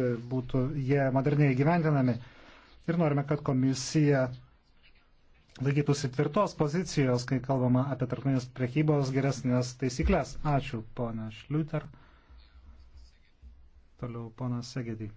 E, būtų jie moderniai gyvendinami. Ir norime, kad komisija laikytųsi tvirtos pozicijos, kai kalbama apie tarptautinės priekybos geresnės taisyklės. Ačiū, ponas Šliuter. Toliau ponas Segedį.